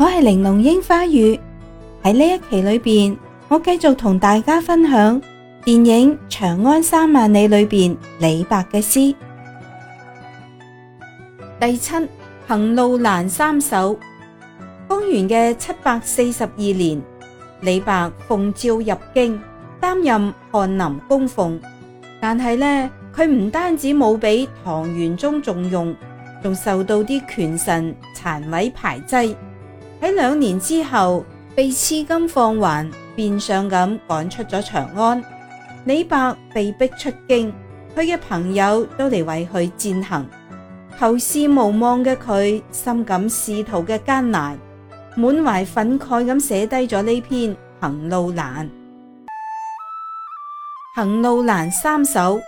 我係玲瓏櫻花語，喺呢一期裏邊，我繼續同大家分享電影《長安三萬里》裏邊李白嘅詩第七《行路難》三首。公元嘅七百四十二年，李白奉詔入京，擔任翰林供奉，但係呢，佢唔單止冇俾唐玄宗重用，仲受到啲權臣讒毀排擠。喺兩年之後被賜金放還，變相咁趕出咗長安。李白被逼出京，佢嘅朋友都嚟為佢餞行。後世無望嘅佢，深感仕途嘅艱難，滿懷憤慨咁寫低咗呢篇《行路難》。《行路難》三首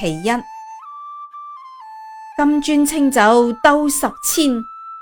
其一，金樽清酒斗十千。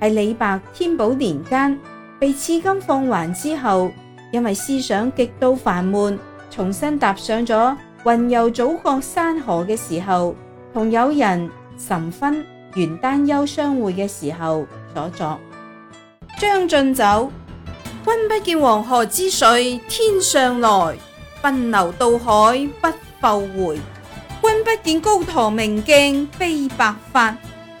係李白天寶年間被賜金放還之後，因為思想極度煩悶，重新踏上咗雲遊祖國山河嘅時候，同友人岑勳、元丹丘相會嘅時候所作。將進酒，君不見黃河之水天上來，奔流到海不復回。君不見高堂明鏡悲白髮。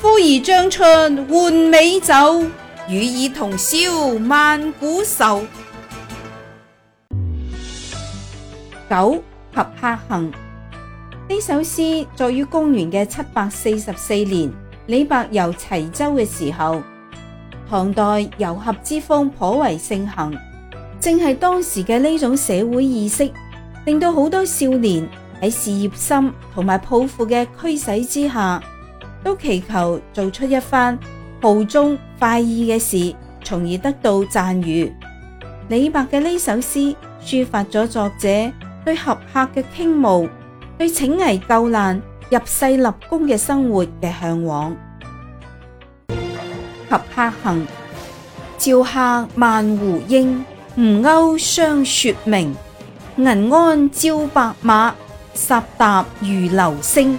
呼兒將出換美酒，與爾同銷萬古愁。九、俠客行，呢首詩在於公元嘅七百四十四年，李白遊齊州嘅時候。唐代遊俠之風頗為盛行，正係當時嘅呢種社會意識，令到好多少年喺事業心同埋抱負嘅驅使之下。都祈求做出一番豪縱快意嘅事，從而得到讚譽。李白嘅呢首詩抒發咗作者對俠客嘅傾慕，對拯危救難、入世立功嘅生活嘅向往。俠客行，趙客縵胡纓，吳鈎霜雪明，銀鞍照白馬，颯沓如流星。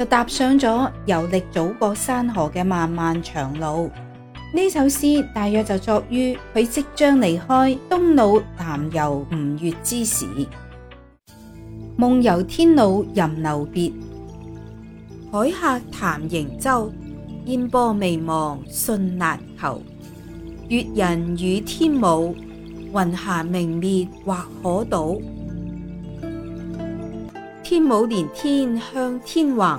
就踏上咗遊歷祖國山河嘅漫漫長路。呢首詩大約就作於佢即將離開東魯南遊吳越之時。夢遊天姥吟留別，海客談瀛洲，煙波微茫信難求。越人語天姥，雲霞明滅或可睹。天姥連天向天橫。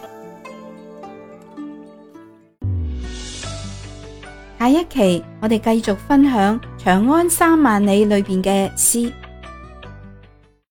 下一期我哋繼續分享《長安三萬里，裏面的》裏邊嘅詩。